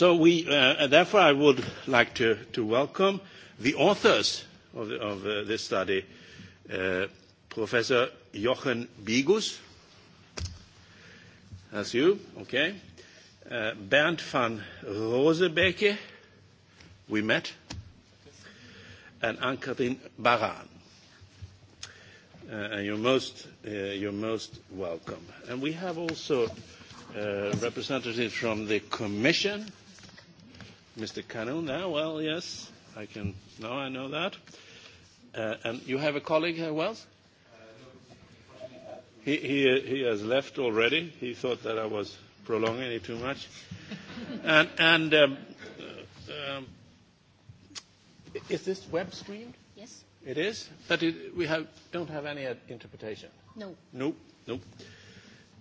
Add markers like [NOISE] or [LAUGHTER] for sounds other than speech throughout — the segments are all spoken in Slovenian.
Uh, therefore, I would like to welcome the authors of uh, this study, uh, Professor Jochen Bigus. That's you. Okay. Bernd van Roosebeeke, we met. Ann-Kathrin Baran. You're most welcome. We have also Uh, representative from the Commission, Mr. Canu. Now, well, yes, I can. Now I know that. Uh, and you have a colleague here, uh, Wells? He, he, he has left already. He thought that I was prolonging it too much. [LAUGHS] and and um, uh, um, is this web streamed? Yes. It is? But it, we have, don't have any interpretation? No. Nope. Nope.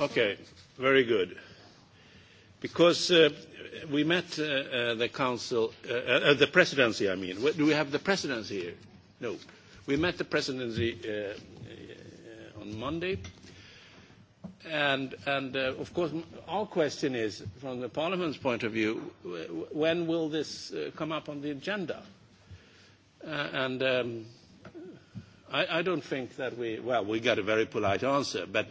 Okay, very good. Because uh, we met uh, uh, the council, uh, uh, the presidency, I mean. Do we have the presidency here? No. We met the presidency uh, uh, on Monday. And, and uh, of course, our question is, from the parliament's point of view, when will this uh, come up on the agenda? Uh, and um, I, I don't think that we, well, we got a very polite answer, but uh,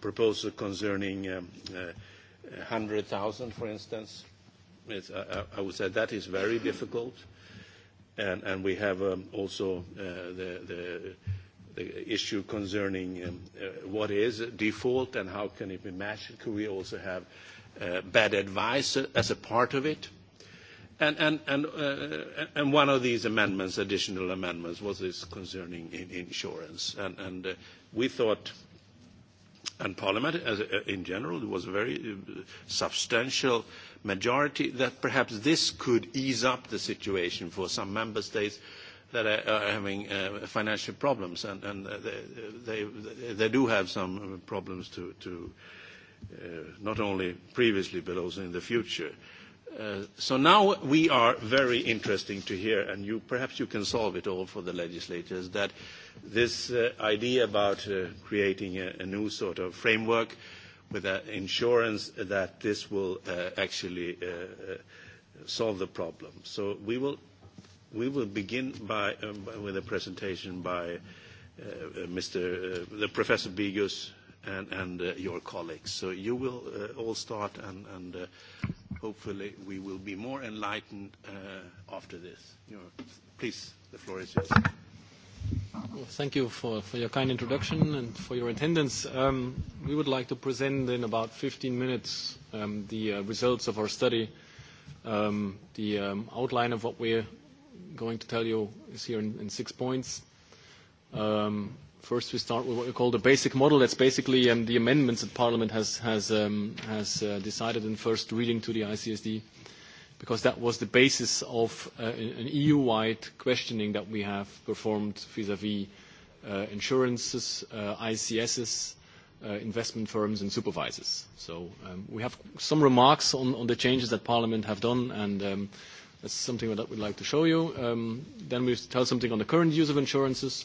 proposal concerning 100,000, um, uh, for instance. I would say that is very difficult. We have um, also uh, the issue concerning um, uh, what is default and how can it be matched. Could we also have bad advice as a part of it? One of these amendments, additional amendments, was this concerning insurance. We thought and parliament as a, uh, in general there was a very uh, substantial majority that perhaps this could ease up the situation for some member states that are, are having uh, financial problems and, and uh, they, they, they do have some problems to, to uh, not only previously but also in the future. Uh, Uh, so now we are very interesting to hear, and you, perhaps you can solve it all for the legislators, that this uh, idea about uh, creating a, a new sort of framework with an insurance that this will uh, actually uh, uh, solve the problem. So we will, we will begin by, um, by, with a presentation by uh, uh, Mr. Uh, the Professor Bigus and uh, your colleagues. You will uh, all start, and uh, hopefully we will be more enlightened after this. Please, the floor is yours. Well, thank you for your kind introduction and for your attendance. Um, we would like to present in about 15 minutes um, the results of our study. Um, the outline of what we're going to tell you is here in six points. First, we start with what we call the basic model. That's basically um, the amendments that Parliament has, has, um, has uh, decided in first reading to the ICSD, because that was the basis of uh, an EU wide questioning that we have performed vis a vis uh, insurances, uh, ICSs, uh, investment firms, and supervisors. So um, we have some remarks on, on the changes that Parliament have done, and um, that's something that we'd like to show you. Um, then we tell something on the current use of insurances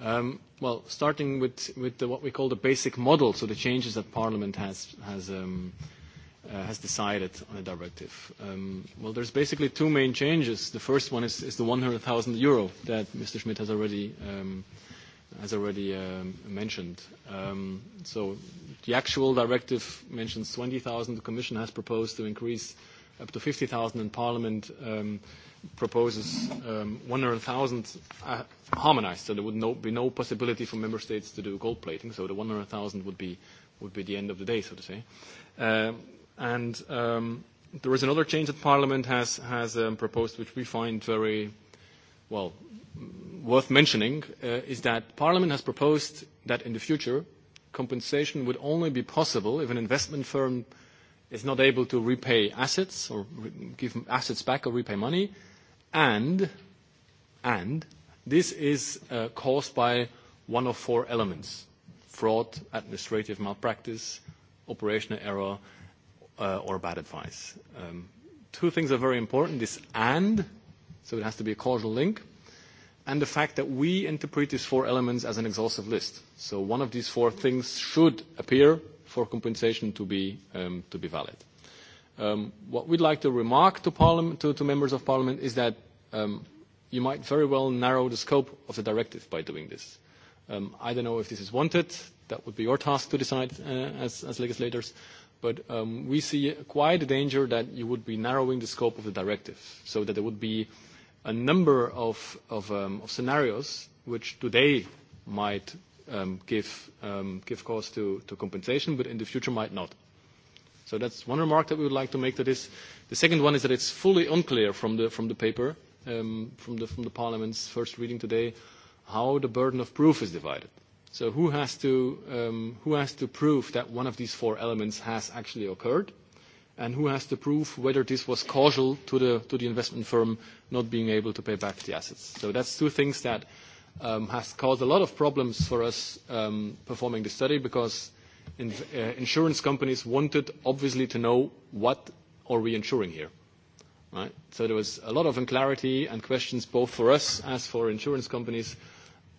Um, well, starting with, with the, what we call the basic model, so the changes that Parliament has, has, um, uh, has decided on a directive. Um, well, there's basically two main changes. The first one is, is the 100,000 euro that Mr. Schmidt has already, um, has already um, mentioned. Um, so the actual directive mentions 20,000. The Commission has proposed to increase up to 50,000 in Parliament. Um, proposes um, 100,000 uh, harmonized, so there would no, be no possibility for member states to do gold plating. So the 100,000 would be would be the end of the day, so to say. Um, and um, there is another change that Parliament has has um, proposed, which we find very well worth mentioning, uh, is that Parliament has proposed that in the future compensation would only be possible if an investment firm is not able to repay assets or re- give assets back or repay money, uh, and this is uh, caused by one of four elements: fraud, administrative malpractice, operational error, uh, or bad advice. Um, two things are very important, this and, so it has to be a causal link, and the fact that we interpret these four elements as an exhaustive list. So one of these four things should appear for compensation to be um, valid. Um, what we'd like to remark to, parliament, to, to members of parliament is that um, you might very well narrow the scope of the directive by doing this. Um, I don't know if this is wanted. That would be your task to decide uh, as, as legislators. But um, we see quite a danger that you would be narrowing the scope of the directive so that there would be a number of, of, um, of scenarios which today might um, give, um, give cause to, to compensation, but in the future might not. So that's one remark that we would like to make to this. The second one is that it's fully unclear from the, from the paper, um, from, the, from the Parliament's first reading today, how the burden of proof is divided. So who has, to, um, who has to prove that one of these four elements has actually occurred? And who has to prove whether this was causal to the, to the investment firm not being able to pay back the assets? So that's two things that um, has caused a lot of problems for us um, performing the study because Uh, insurance companies wanted obviously to know what are we insuring here right so there was a lot of unclarity and questions both for us as for insurance companies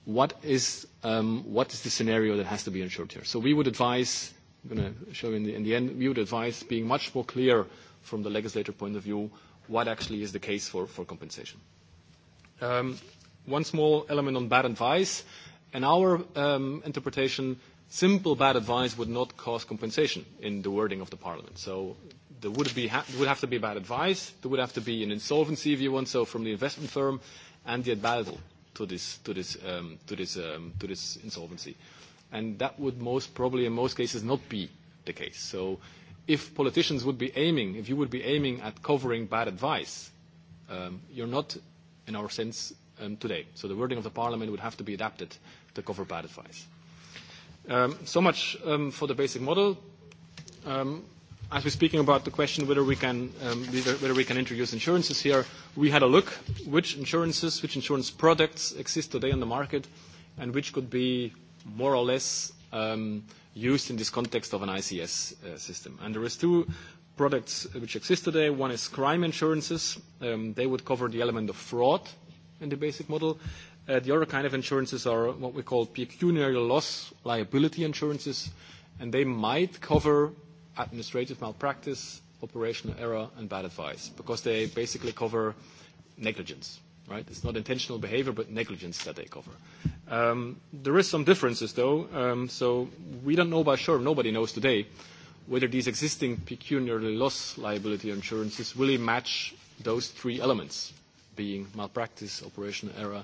what is um, what is the scenario that has to be insured here so we would advise i'm going to show you in the, in the end we would advise being much more clear from the legislator point of view what actually is the case for, for compensation um, one small element on bad advice in our um, interpretation simple bad advice would not cause compensation in the wording of the parliament. So there would, be ha- would have to be bad advice, there would have to be an insolvency, if you want so, from the investment firm, and the advisal to this, to, this, um, to, this, um, to this insolvency. And that would most probably, in most cases, not be the case. So if politicians would be aiming, if you would be aiming at covering bad advice, um, you're not, in our sense, um, today. So the wording of the parliament would have to be adapted to cover bad advice. Um, so much um, for the basic model. Um, as we're speaking about the question whether we can introduce insurances here, we had a look which insurances, which insurance products exist today on the market, and which could be more or less used in this context of an ICS uh, system. There is two products which exist today. One is crime insurances. They would cover the element of fraud in the basic model. Uh, the other kind of insurances are what we call pecuniary loss liability insurances, and they might cover administrative malpractice, operational error, and bad advice because they basically cover negligence, right? It's not intentional behavior, but negligence that they cover. Um, there is some differences, though. Um, so we don't know for sure, nobody knows today, whether these existing pecuniary loss liability insurances really match those three elements, being malpractice, operational error,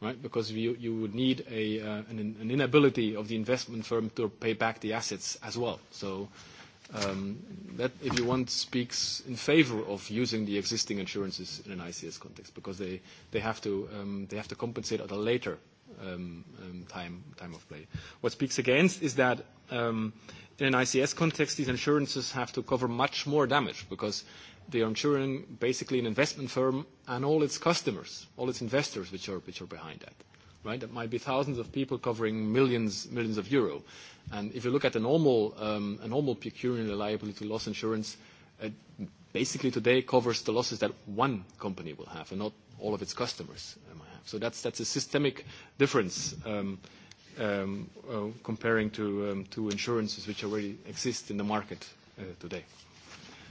right? Because you would need uh, an inability of the investment firm to pay back the assets as well. So, um, that, if you want, speaks in favor of using the existing insurances in an ICS context, because um, they have to compensate at a later um, time of play. What speaks against is that, in an ICS context, these insurances have to cover much more damage, because they are insuring basically an investment firm and all its customers, all its investors, which are behind that, right? That might be thousands of people covering millions of EUR. If you look at a normal um, pecuniary liability loss insurance, it uh, basically today covers the losses that one company will have and not all of its customers uh, might have. That's a systemic difference um, um, uh, comparing to insurances which already exist in the market today.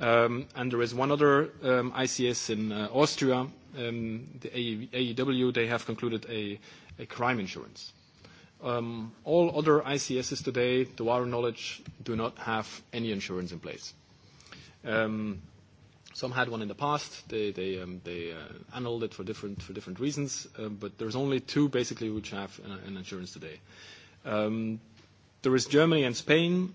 Um, there is one other um, ICS in uh, Austria, um, the AEW, e they have concluded a crime insurance. All other ICSs today, to our knowledge, do not have any insurance in place. Some had one in the past. They uh, annulled it for different reasons. There's only two basically which have uh, an insurance today. There is Germany and Spain,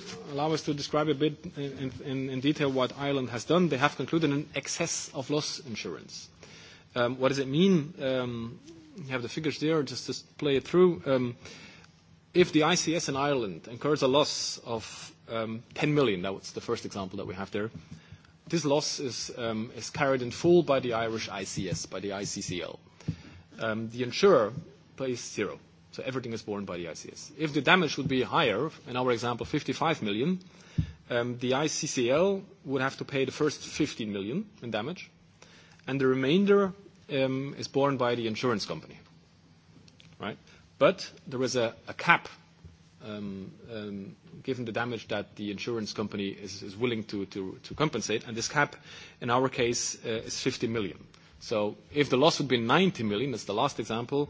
allow us to describe a bit in detail what Ireland has done. They have concluded an excess of loss insurance. Um, what does it mean? Um, you have the figures there, just play it through. Um, if the ICS in Ireland incurs a loss of 10 million, that was the first example that we have there, this loss is carried in full by the Irish ICS, by the ICCL. The insurer pays zero. So everything is borne by the ICS. If the damage would be higher, in our example, 55 million, um, the ICCL would have to pay the first 15 million in damage, and the remainder um, is borne by the insurance company. Right? But there is a cap um, given the damage that the insurance company is willing to compensate, and this cap, in our case, uh, is 50 million. So if the loss would be 90 million, that's the last example,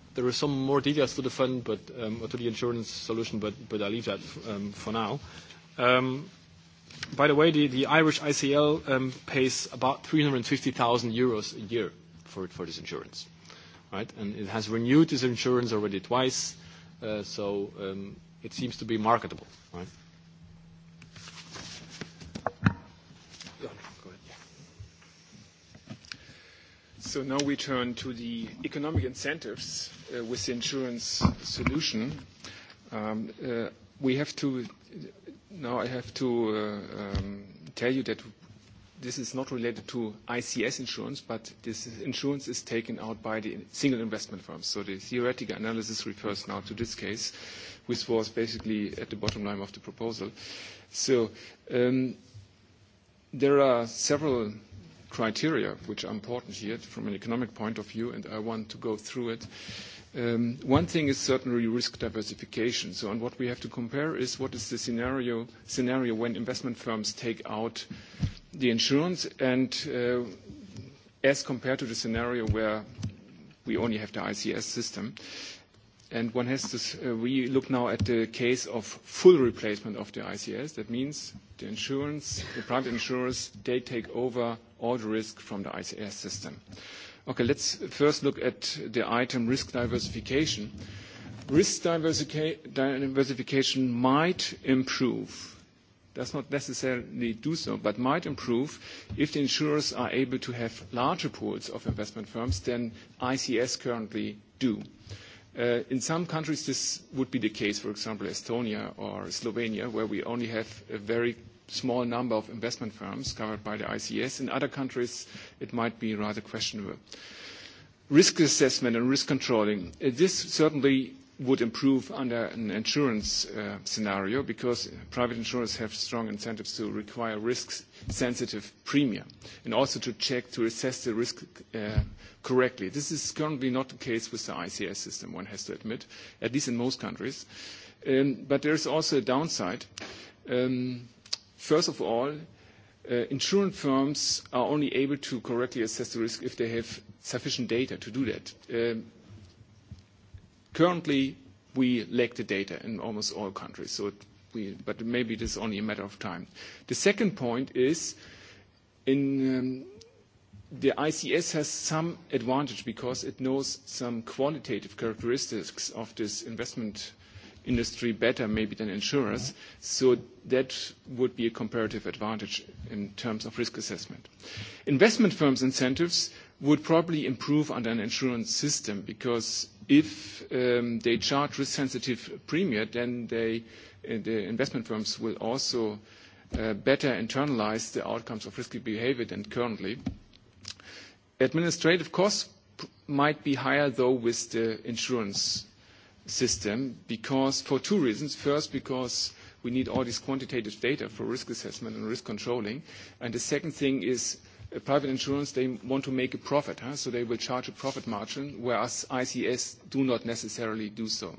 There are some more details to defend, but um, to the insurance solution, but I leave that um, for now. Um, by the way, the Irish ICL pays about 350,000 euros a year for this insurance, right? And it has renewed this insurance already twice, uh, so it seems to be marketable, right? Now we turn to the economic incentives uh, with the insurance solution. Um, uh, now I have to uh, um, tell you that this is not related to ICS insurance, but this insurance is taken out by the single investment firm. The theoretical analysis refers now to this case, which was basically at the bottom line of the proposal. Um, there are several criteria which are important here from an economic point of view, and I want to go through it. Um, one thing is certainly risk diversification. So, and what we have to compare is what is the scenario, scenario when investment firms take out the insurance, and uh, as compared to the scenario where we only have the ICS system. Uh, and one has to, uh, we look now at the case of full replacement of the ICS. That means the insurance, the private insurers, they take over all the risk from the ICS system. Okay, let's first look at the item risk diversification. Risk diversification might improve, does not necessarily do so, but might improve if the insurers are able to have larger pools of investment firms than ICS currently do. Uh, in some countries, this would be the case, for example, Estonia or Slovenia, where we only have a very small number of investment firms covered by the ICS. In other countries, it might be rather questionable. Risk assessment and risk controlling. Uh, this certainly would improve under an insurance uh, scenario because private insurers have strong incentives to require risk-sensitive premium and also to check to assess the risk uh, correctly. This is currently not the case with the ICS system, one has to admit, at least in most countries. Um, there is also a downside. Um, first of all, uh, insurance firms are only able to correctly assess the risk if they have sufficient data to do that. Um, Currently, we lack the data in almost all countries, so but maybe it is only a matter of time. The second point is in um, the ICS has some advantage because it knows some qualitative characteristics of this investment industry better maybe than insurers. Mm-hmm. That would be a comparative advantage in terms of risk assessment. Investment firms' incentives would probably improve under an insurance system because if um, they charge risk-sensitive premium, then uh, the investment firms will also uh, better internalize the outcomes of risky behavior than currently. Administrative costs might be higher, though, with the insurance system for two reasons. First, because we need all this quantitative data for risk assessment and risk controlling. The second thing is private insurance, they want to make a profit, huh? so they will charge a profit margin, whereas ICS do not necessarily do so.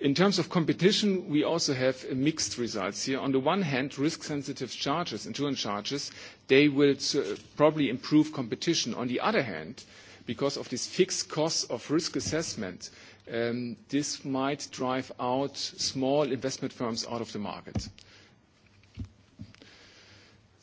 In terms of competition, we also have mixed results here. On the one hand, risk-sensitive charges, insurance charges, they will uh, probably improve competition. On the other hand, because of this fixed cost of risk assessment, um, this might drive out small investment firms out of the market.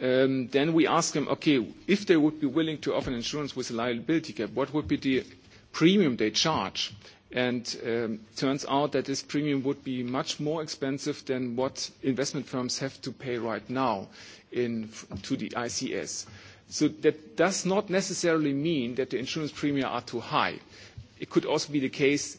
Um, then we ask them, okay, if they would be willing to offer an insurance with a liability cap, what would be the premium they charge? Um, turns out that this premium would be much more expensive than what investment firms have to pay right now to the ICS. That does not necessarily mean that the insurance premium are too high. It could also be the case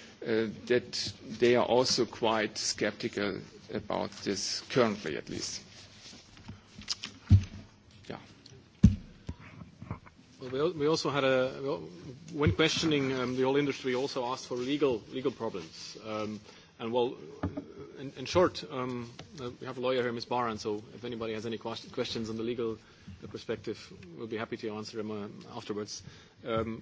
Uh, that they are also quite skeptical about this currently, at least. Well, we also had a when questioning um, the oil industry, we also asked for legal legal problems. Um, and well, in, in short, um, uh, we have a lawyer here, Ms. Baran. So if anybody has any questions on the legal perspective, we'll be happy to answer them uh, afterwards. Um,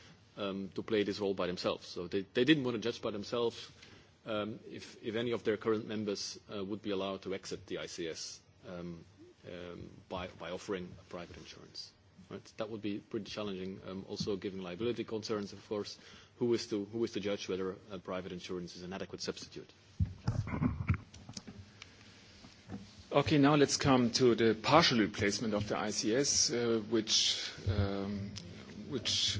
um, to play this role by themselves. So they, they didn't want to judge by themselves um, if, if any of their current members uh, would be allowed to exit the ICS um, um, by, by offering a private insurance. Right? That would be pretty challenging, um, also given liability concerns, of course. Who is to, who is to judge whether a private insurance is an adequate substitute? Okay, now let's come to the partial replacement of the ICS, uh, which, um, which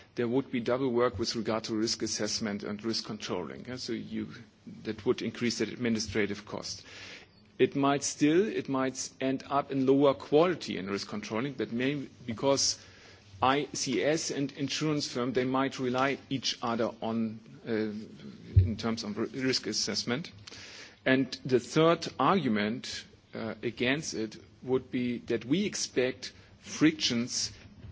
there would be double work with regard to risk assessment and risk controlling. That would increase the administrative cost. It might end up in lower quality in risk controlling, but mainly because ICS and insurance firm, they might rely each other uh, in terms of risk assessment. The third argument uh, against it would be that we expect frictions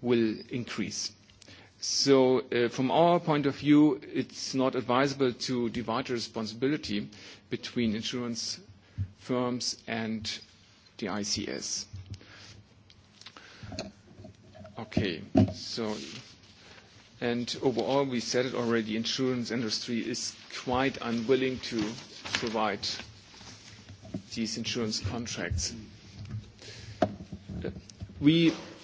will increase. Uh, from our point of view, it's not advisable to divide the responsibility between insurance firms and the ICS. Okay. Overall, we said it already, insurance industry is quite unwilling to provide these insurance contracts. We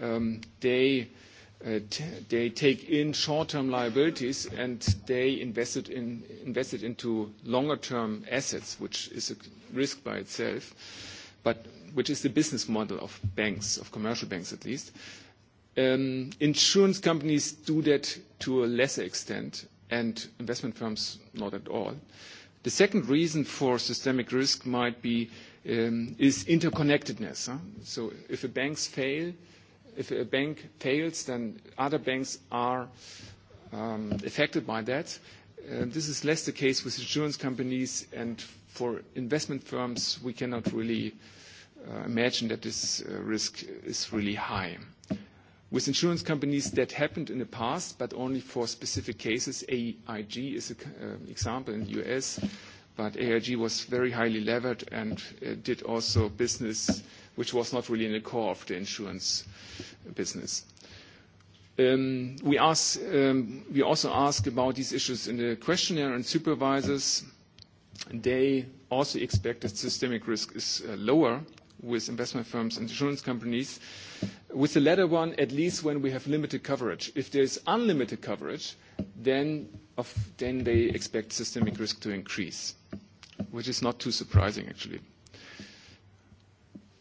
Um, uh, they take in short-term liabilities, and they invest it into longer-term assets, which is a risk by itself, but which is the business model of banks, of commercial banks at least. Um, insurance companies do that to a lesser extent, and investment firms not at all. The second reason for systemic risk might be um, interconnectedness. If a banks fail, if a bank fails, then other banks are um, affected by that. Uh, this is less the case with insurance companies, and for investment firms, we cannot really uh, imagine that this uh, risk is really high. With insurance companies, that happened in the past, but only for specific cases. AIG is an uh, um, example in the US, but AIG was very highly levered and uh, did also business. Uh, which was not really in the core of the insurance business. Um, um, we also ask about these issues in the questionnaire and supervisors. They also expect that systemic risk is uh, lower with investment firms and insurance companies. With the latter one, at least when we have limited coverage. If there's unlimited coverage, then they expect systemic risk to increase, which is not too surprising, actually.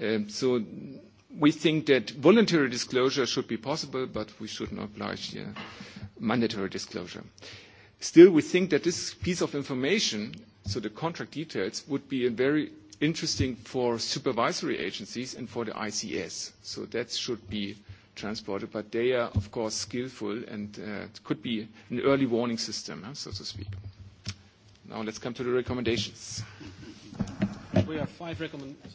Um, we think that voluntary disclosure should be possible, but we should not oblige uh, mandatory disclosure. Still, we think that this piece of information, so the contract details, would be very interesting for supervisory agencies and for the ICS. That should be transported, but they are, of course, skillful and uh, it could be an early warning system, so to speak. Now let's come to the recommendations. We have five recommendations.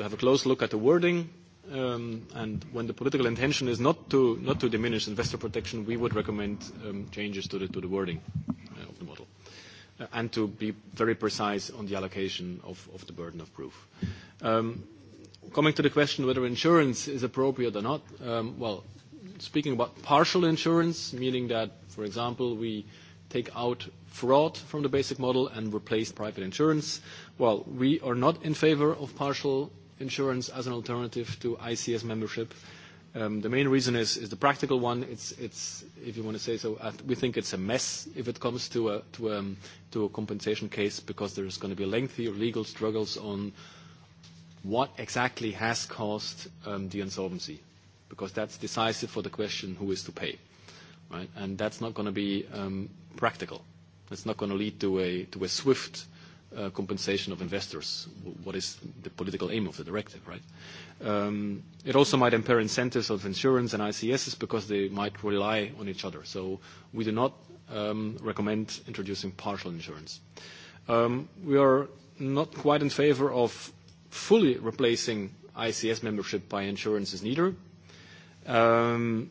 to have a close look at the wording. Um, when the political intention is not to diminish investor protection, we would recommend um, changes to the wording uh, of the model uh, and to be very precise on the allocation of the burden of proof. Um, coming to the question whether insurance is appropriate or not, well, speaking about partial insurance, meaning that, for example, we take out fraud from the basic model and replace private insurance, well, we are not in favor of partial insurance as an alternative to ICS membership. Um, the main reason is the practical one. It's if you wanna say so, uh, we think it's a mess if it comes um, to a compensation case because there is gonna be lengthy legal struggles on what exactly has caused um, the insolvency, because that's decisive for the question who is to pay, right? That's not gonna be practical. It's not gonna lead to a swift Uh, compensation of investors. What is the political aim of the directive, right? Um, it also might impair incentives of insurance and ICSs because they might rely on each other. So we do not um, recommend introducing partial insurance. Um, we are not quite in favor of fully replacing ICS membership by insurances neither. Um,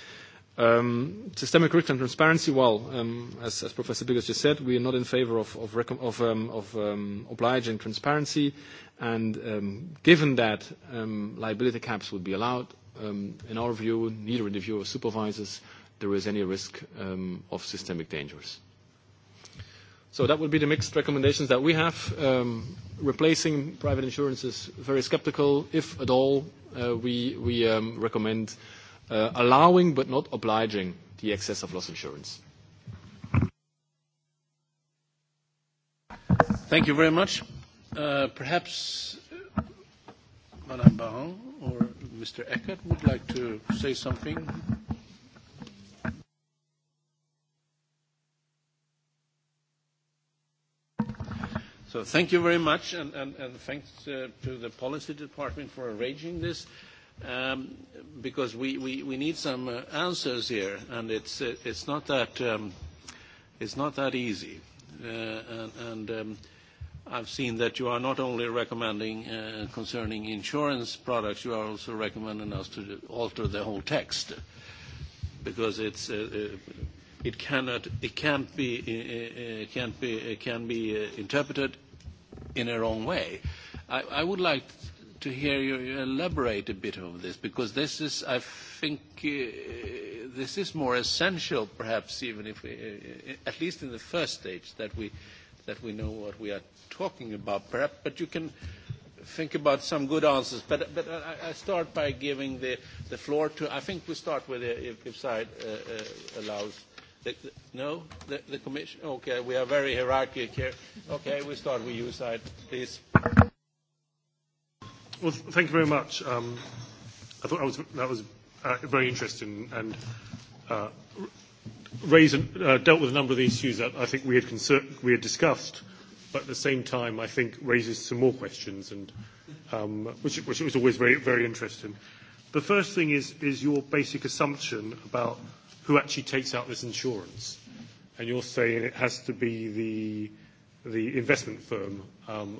Um, systemic risk and transparency, well, um, as, as Professor Biggers just said, we are not in favor of, of, rec- of, um, of um, obliging transparency. And um, given that um, liability caps would be allowed, um, in our view, neither in the view of supervisors, there is any risk um, of systemic dangers. So that would be the mixed recommendations that we have. Um, replacing private insurance is very skeptical. If at all, uh, we, we um, recommend Uh, allowing but not obliging the excess of loss insurance. Thank you very much. Uh, perhaps uh, Madame Baron or Mr. Eckert would like to say something. Thank you very much, and thanks to the policy department for arranging this. Um, because we need some uh, answers here, and it's uh, um, not that easy. Uh, um, I've seen that you are not only recommending concerning insurance products, you are also recommending us to alter the whole text because it can't be interpreted in a wrong way. I would like to hear you elaborate a bit on this, because this is, I think, uh, this is more essential, perhaps, even if, we, uh, at least in the first stage, that we, that we know what we are talking about. Perhaps, but you can think about some good answers. But, but I, I start by giving the, the floor to, I think we start with, it, uh, if, if side uh, uh, allows. The, the, no? The, the Commission? Okay, we are very hierarchic here. Okay, we start with you, side, please. Well, thank you very much. Um, I thought I was, that was uh, very interesting and uh, raised and, uh, dealt with a number of the issues that I think we had, concert, we had discussed, but at the same time, I think raises some more questions, and, um, which, which was always very, very interesting. The first thing is, is your basic assumption about who actually takes out this insurance. And you're saying it has to be the, the investment firm um,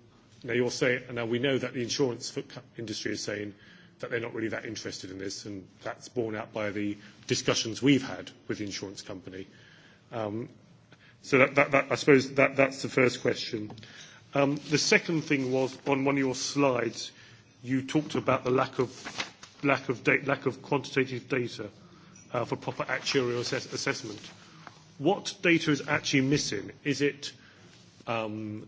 Now, you'll say, now we know that the insurance industry is saying that they're not really that interested in this, and that's borne out by the discussions we've had with the insurance company. Um, so that, I suppose that's the first question. Um, the second thing was, on one of your slides, you talked about the lack of quantitative data uh, for proper actuarial assessment. What data is actually missing? Is it um,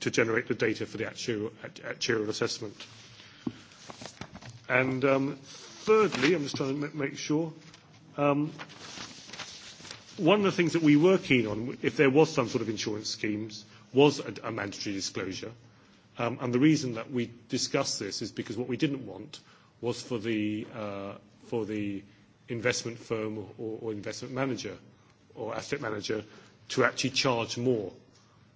to generate the data for the actuarial assessment. Um, thirdly, I'm just trying to make sure. Um, one of the things that we were keen on, if there was some sort of insurance schemes, was a mandatory disclosure. Um, and the reason that we discussed this is because what we didn't want was for the uh, investment firm or investment manager or asset manager to actually charge more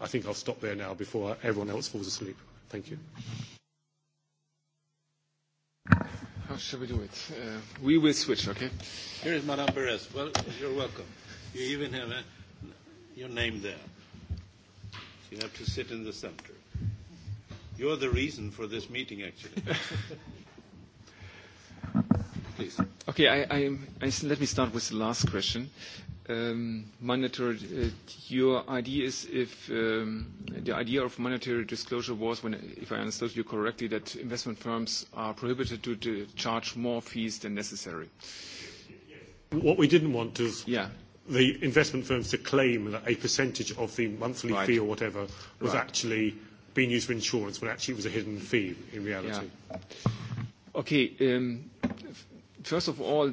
I think I'll stop there now before everyone else falls asleep. Thank you. How should we do it? Uh, we will switch, okay? Here is Madame Perez. Well, you're welcome. You even have a, your name there. So you have to sit in the center. You're the reason for this meeting, actually. [LAUGHS] Please. Okay, I, I, I, let me start with the last question mandatory. Um, uh, your idea is if um, the idea of mandatory disclosure was when, if I understood you correctly, that investment firms are prohibited to charge more fees than necessary. Yes. What we didn't want is- Yeah the investment firms to claim that a percentage of the monthly fee- Right or whatever Right was actually being used for insurance, when actually it was a hidden fee in reality. Yeah. Okay, um, first of all,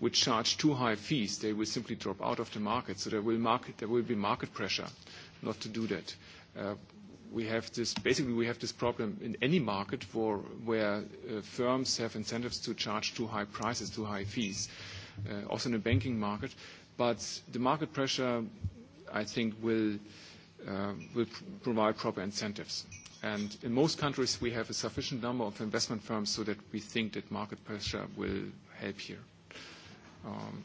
would charge too high fees, they will simply drop out of the market. There will be market pressure not to do that. Uh, basically, we have this problem in any market where uh, firms have incentives to charge too high prices, too high fees, uh, also in the banking market. The market pressure, I think, will um, provide proper incentives. In most countries, we have a sufficient number of investment firms so that we think that market pressure will help here. Um,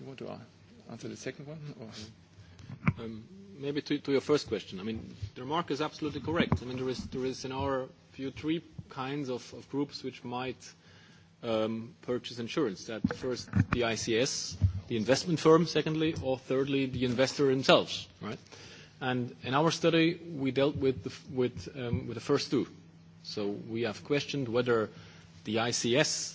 you want to uh, answer the second one? Um, maybe to your first question. I mean, the remark is absolutely correct. I mean, there is in our view three kinds of groups which might um, purchase insurance. That first, the ICS, the investment firm, secondly, or thirdly, the investor themselves, right? In our study, we dealt with the first two. We have questioned whether the ICS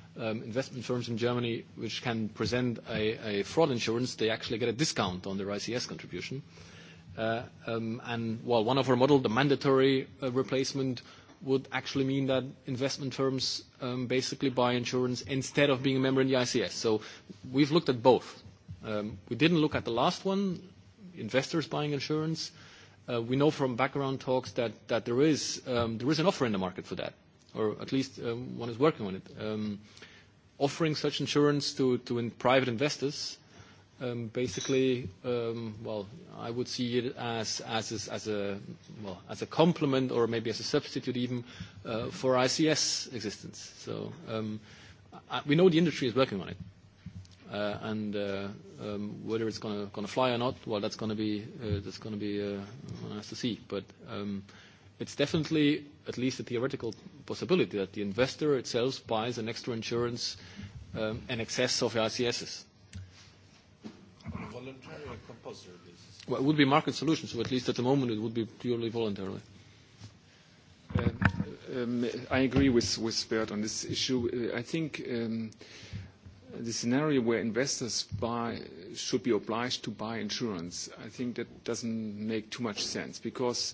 Um, investment firms in Germany which can present a fraud insurance, they actually get a discount on their ICS contribution. Uh, um, well, one of our model, the mandatory uh, replacement would actually mean that investment firms um, basically buy insurance instead of being a member in the ICS. We've looked at both. We didn't look at the last one, investors buying insurance. Uh, we know from background talks that there is an offer in the market for that or at least um, one is working on it. Um, offering such insurance to private investors, um, basically, well, I would see it as a complement or maybe as a substitute even uh, for ICS existence. We know the industry is working on it. Uh, uh, whether it's gonna fly or not, well, that's gonna be one has to see it's definitely at least a theoretical possibility that the investor itself buys an extra insurance um, in excess of ICSs. Voluntary or compulsory business? Well, it would be market solution, so at least at the moment it would be purely voluntary. Um, um, I agree with, with Bert on this issue. Uh, I think um, the scenario where investors buy should be obliged to buy insurance, I think that doesn't make too much sense because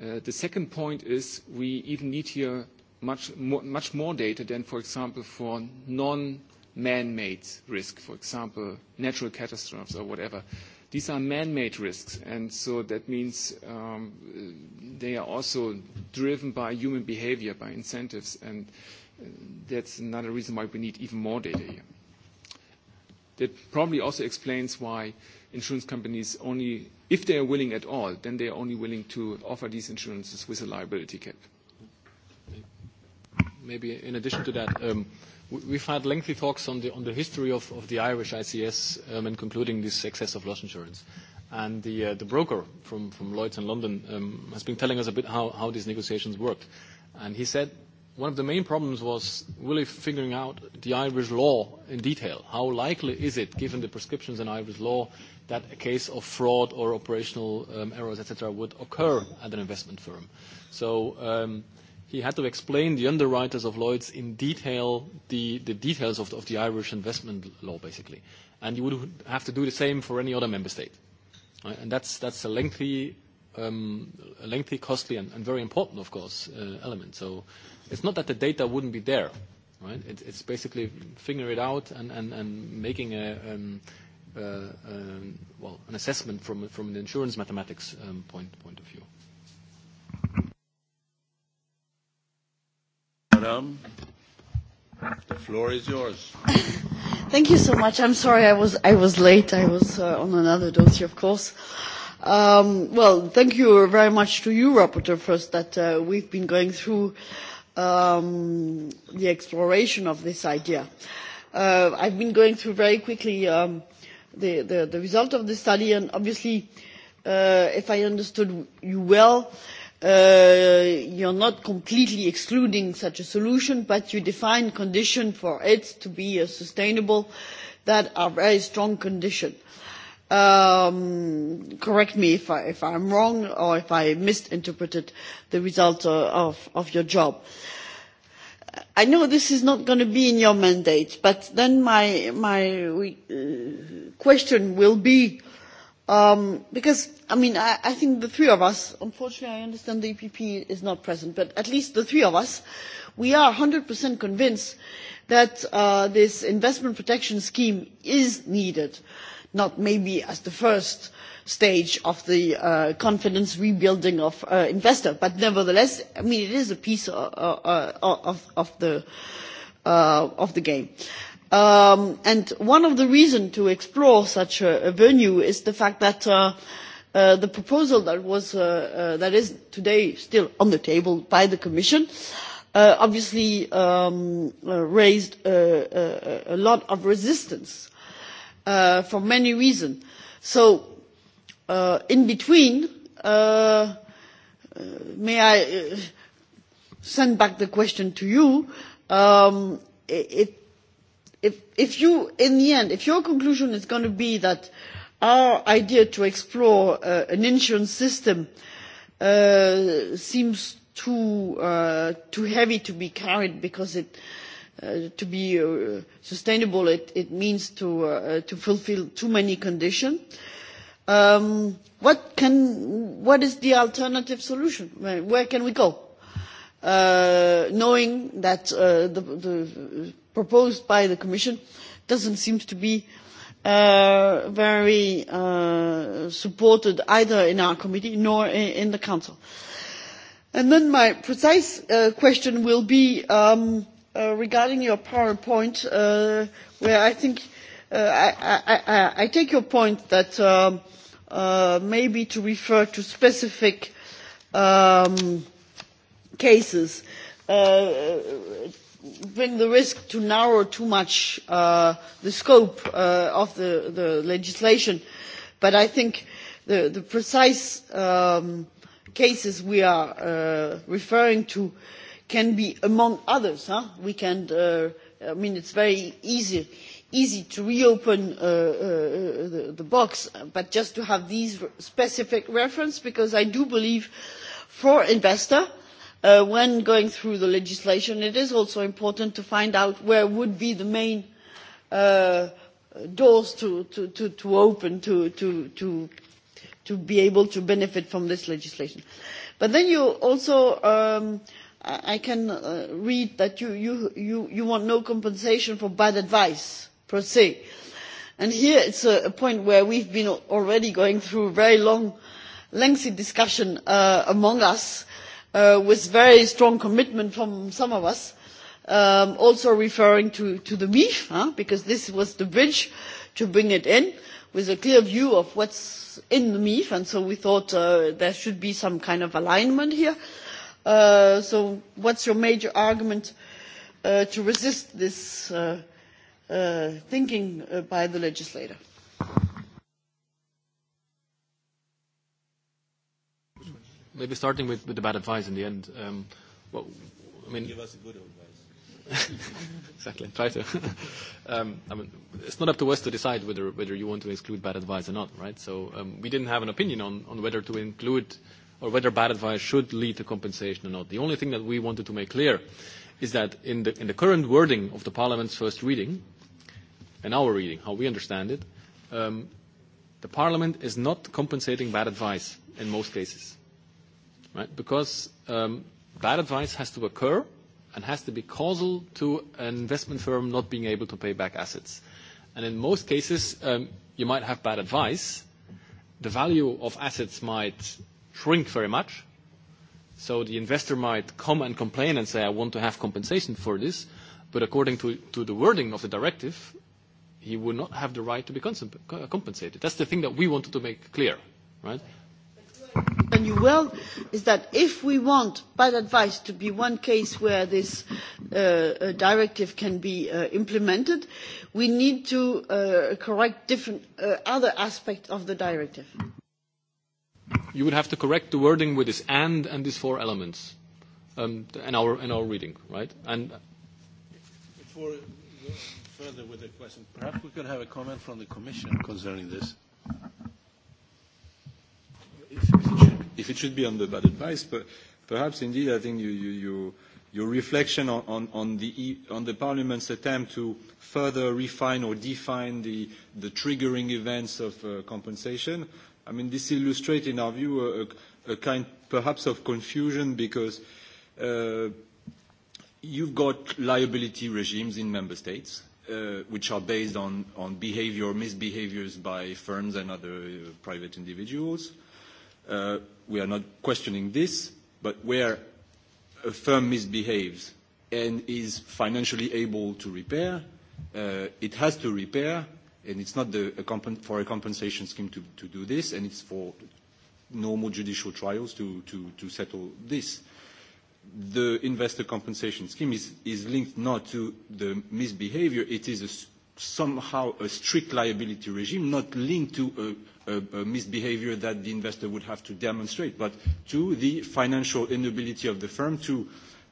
Uh, the second point is we even need here much more data than, for example, for non-man-made risk, for example, natural catastrophes or whatever. These are man-made risks, that means um, they are also driven by human behavior, by incentives, uh, that's another reason why we need even more data here. That probably also explains why insurance companies only if they are willing at all, then they are only willing to offer these insurances with a liability cap. Maybe in addition to that, um, we've had lengthy talks on the, on the history of, of the Irish ICS um, and concluding this excess of loss insurance. And the, uh, the broker from, from Lloyds in London um, has been telling us a bit how, how these negotiations worked. And he said one of the main problems was really figuring out the Irish law in detail. How likely is it, given the prescriptions in Irish law, that a case of fraud or operational um, errors, etc., would occur at an investment firm? So um, he had to explain the underwriters of Lloyd's in detail the, the details of the, of the Irish investment law, basically. And you would have to do the same for any other member state. Right? And that's, that's a lengthy um, lengthy, costly, and, and very important, of course, uh, element. So it's not that the data wouldn't be there, right? It, it's basically figuring it out and, and, and making a um, uh, um, well, an assessment from from an insurance mathematics um, point point of view. Madam, the floor is yours. Thank you so much. I'm sorry I was I was late. I was uh, on another dossier, of course. Um, well, thank you very much to you, Rapporteur, first that uh, we've been going through um, the exploration of this idea. Uh, I've been going through very quickly um, the, the, the result of the study, and obviously, uh, if I understood you well, uh, you're not completely excluding such a solution, but you define conditions for it to be a sustainable that are very strong conditions um, correct me if, I, if I'm wrong or if I misinterpreted the result of, of, of your job. I know this is not going to be in your mandate, but then my, my uh, question will be, um, because, I mean, I, I think the three of us, unfortunately I understand the EPP is not present, but at least the three of us, we are 100% convinced that uh, this investment protection scheme is needed. Uh, not maybe as the first stage of the uh, confidence rebuilding of uh, investor, but nevertheless, I mean, it is a piece of, uh, uh, uh, of, of the uh, of the game. Um, and one of the reasons to explore such a, a venue is the fact that uh, uh, the proposal that was uh, uh, that is today still on the table by the Commission. Uh, obviously um, uh, raised uh, uh, a lot of resistance uh, uh, for many reasons. So, uh, in between, uh, uh may I uh, send back the question to you? Um, if, if, if you, in the end, if your conclusion is going to be that our idea to explore uh, an insurance system uh, seems too uh, too heavy to be carried because it uh, Uh, to be uh, sustainable, it, it means to, uh, uh to fulfill too many conditions. Um, what, can, what is the alternative solution? Where can we go? Uh, knowing that uh, the, the proposed by the Commission doesn't seem to be uh, very uh, supported either in our committee nor in, in the Council. And then my precise uh, question will be, um, uh, Uh, regarding your powerpoint uh, where i think uh, I, I, I take your point that uh, uh, maybe to refer to specific um, cases uh, bring the risk to narrow too much uh, the scope uh, of the, the legislation but i think the, the precise um, cases we are uh, referring to uh, can be among others we can uh, i mean it is very easy to reopen uh, uh, the box but just to have these specific references because i do believe for investors when going through the legislation it is also important to find out where would be the main doors to open to be able to benefit from this legislation. but then you also um, I can uh, read that you, you, you, you want no compensation for bad advice, per se. And here it's a, a point where we've been already going through a very long, lengthy discussion uh, among us uh, with very strong commitment from some of us, um, also referring to, to the MIF, huh? because this was the bridge to bring it in with a clear view of what's in the MIF. And so we thought uh, there should be some kind of alignment here. Uh, Uh, so what is your major argument uh, to resist this uh, thinking by the legislator? Maybe starting with, with the bad advice in the end. Um, what, I mean, give us a good advice. [LAUGHS] exactly. Try to. [LAUGHS] um, I mean, it's not up to us to decide whether whether you want to exclude bad advice or not, right? So um, we didn't have an opinion on on whether to include or whether bad advice should lead to compensation or not. The only thing that we wanted to make clear is that in the, in the current wording of the Parliament's first reading, and our reading, how we understand it, um, the Parliament is not compensating bad advice in most cases. Right? Because um, bad advice has to occur and has to be causal to an investment firm not being able to pay back assets. And in most cases, um, you might have bad advice. The value of assets might shrink very much. So the investor might come and complain and say, "I want to have compensation for this," but according to the wording of the directive, he would not have the right to be compensated. That's the thing that we wanted to make clear, right? And you will, is that if we want bad advice to be one case where this uh, uh, directive can be uh, implemented, we need to correct different other aspects of the directive you would have to correct the wording with this and and these four elements um, in our in our reading, right? And uh, before further with the question, perhaps we could have a comment from the Commission concerning this. If it should, if it should be on the bad advice, but perhaps indeed, I think you. you, you your reflection on, on, on, the, e, on the Parliament's attempt to further refine or define the, the triggering events of uh, compensation, uh, I mean, this illustrates, in our view, a, a kind perhaps of confusion because uh, you've got liability regimes in member states. Uh, which are based on, on behavior, misbehaviors by firms and other uh, private individuals. Uh, we are not questioning this, but where a firm misbehaves and is financially able to repair, uh, it has to repair, it's not for a compensation scheme to, to do this, and it's for normal judicial trials to, to, to settle this. The investor compensation scheme is, is linked not to the misbehavior, it is a, somehow a strict liability regime, not linked to a, a, a misbehavior that the investor would have to demonstrate, but to the financial inability of the firm to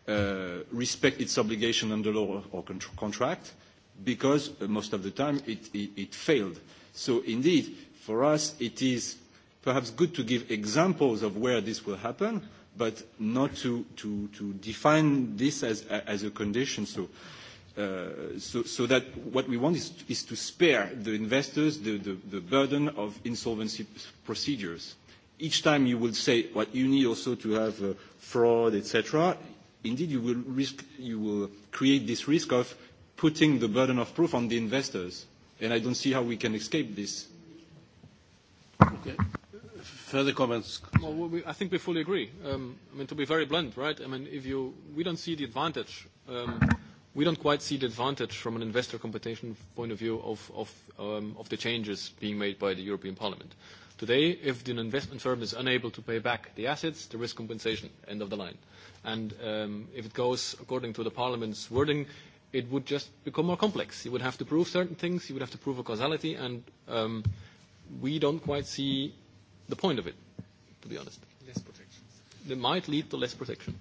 uh, respect its obligation under law or contr- contract. Uh, because uh, most of the time it failed. So indeed, for us, it is perhaps good to give examples of where this will happen, but not to define this as a condition. Uh, so that what we want is to spare the investors the burden of insolvency procedures. Each time you will say, "Well, you need also to have uh, fraud, et cetera," indeed, you will create this risk of putting the burden of proof on the investors, and I don't see how we can escape this. Okay. Further comments? Well, we, I think we fully agree. Um, I mean, to be very blunt, right? I mean, if you, we don't see the advantage. Um, we don't quite see the advantage from an investor competition point of view of, of, um, of the changes being made by the European Parliament. Today, if an investment firm is unable to pay back the assets, the risk compensation, end of the line. And um, if it goes according to the Parliament's wording, it would just become more complex. You would have to prove certain things, you would have to prove a causality, and um, we don't quite see the point of it, to be honest. Less protection. It might lead to less protection.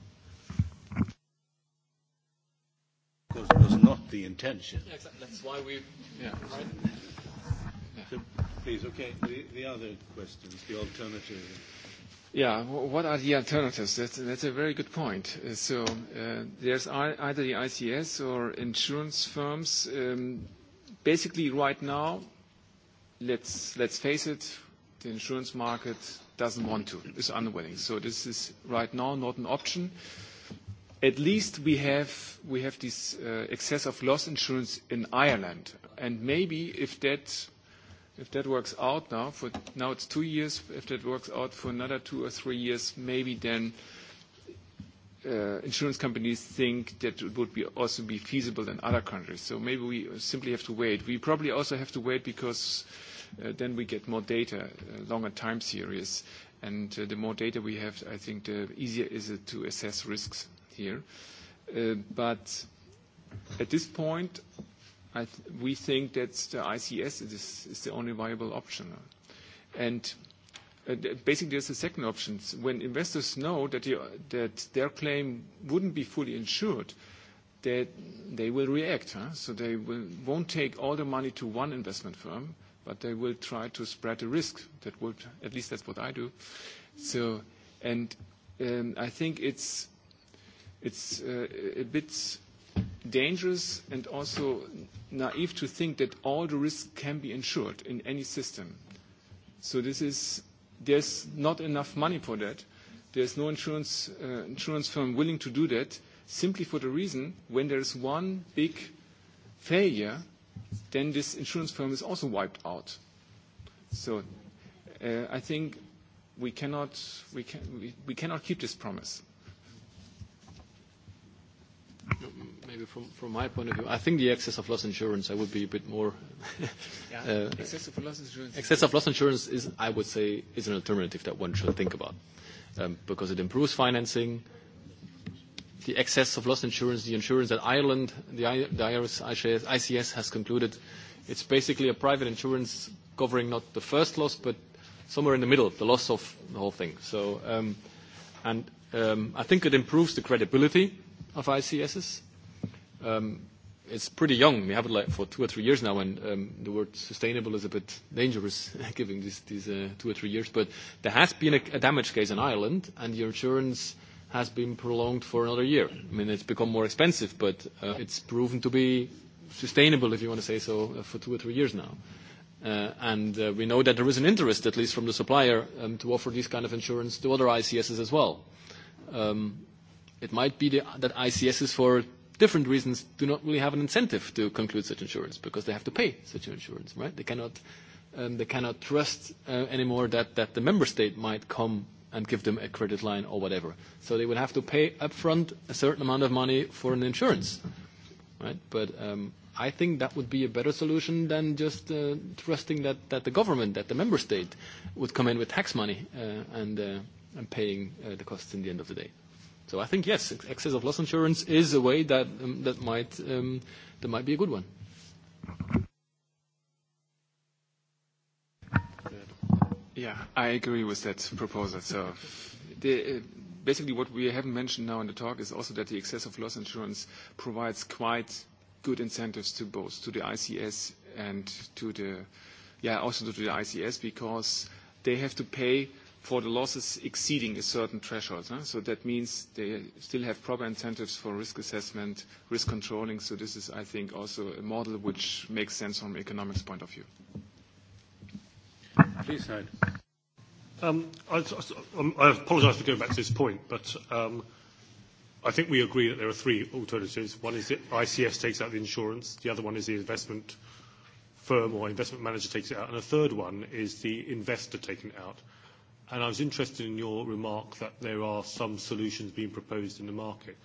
Because it was not the intention. Yeah, exactly. That's why we... Yeah. Right. Yeah. So, please, okay, the, the other questions, the alternative... Yeah. What are the alternatives? That's a very good point. Uh, uh, there's either the ICS or insurance firms. Um, basically right now, let's face it, the insurance market doesn't want to. It's unwilling. This is right now not an option. At least we have this uh, excess of loss insurance in Ireland, and maybe if that If that works out now for now it's two years. If that works out for another two or three years, maybe then uh, insurance companies think that it would be also be feasible in other countries. Maybe we simply have to wait. We probably also have to wait because uh, then we get more data, uh, longer time series. The more data we have, I think the easier is it to assess risks here. At this point, we think that the ICS is, is the only viable option. And uh, basically, there's a second option. When investors know that, you, that their claim wouldn't be fully insured, they, they will react. Huh? So they will, won't take all the money to one investment firm, but they will try to spread the risk. That would, at least that's what I do. So, and um, I think it's, it's uh, a bit dangerous and also naive to think that all the risks can be insured in any system. So this is, there's not enough money for that. There's no insurance, uh, insurance firm willing to do that simply for the reason when there's one big failure, then this insurance firm is also wiped out. So uh, I think we cannot, we, can, we, we cannot keep this promise. Maybe from my point of view, I think the excess of loss insurance, I would be a bit more. [LAUGHS] Yeah. Uh, excess of loss insurance. Excess of loss insurance is, I would say, an alternative that one should think about, um, because it improves financing. The excess of loss insurance, the insurance that Ireland, the ICS has concluded, it's basically a private insurance covering not the first loss, but somewhere in the middle, the loss of the whole thing. Um, um, I think it improves the credibility of ICSs. Um, it's pretty young. We have it like for two or three years now, and um, the word sustainable is a bit dangerous [LAUGHS] giving these uh, two or three years. There has been a damage case in Ireland, and the insurance has been prolonged for another year. I mean, it's become more expensive, but uh, it's proven to be sustainable, if you wanna say so, uh, for two or three years now. We know that there is an interest, at least from the supplier, um, to offer this kind of insurance to other ICSs as well it might be that ICSs, for different reasons, do not really have an incentive to conclude such insurance because they have to pay such an insurance, right? They cannot, um, they cannot trust uh, anymore that, that the member state might come and give them a credit line or whatever. So they would have to pay upfront a certain amount of money for an insurance, right? But um, I think that would be a better solution than just uh, trusting that, that the government, that the member state, would come in with tax money uh, and, uh, and paying uh, the costs in the end of the day. So I think yes, excess of loss insurance is a way that um, that might um, that might be a good one. Yeah, I agree with that proposal. So, the, uh, basically, what we haven't mentioned now in the talk is also that the excess of loss insurance provides quite good incentives to both to the ICS and to the yeah also to the ICS because they have to pay for the losses exceeding a certain threshold. That means they still have proper incentives for risk assessment, risk controlling. This is, I think, also a model which makes sense from economics point of view. Please, Heinz. Um, um, I apologize for going back to this point, but um, I think we agree that there are three alternatives. One is that ICS takes out the insurance, the other one is the investment firm or investment manager takes it out, and a third one is the investor taking it out. And I was interested in your remark that there are some solutions being proposed in the market,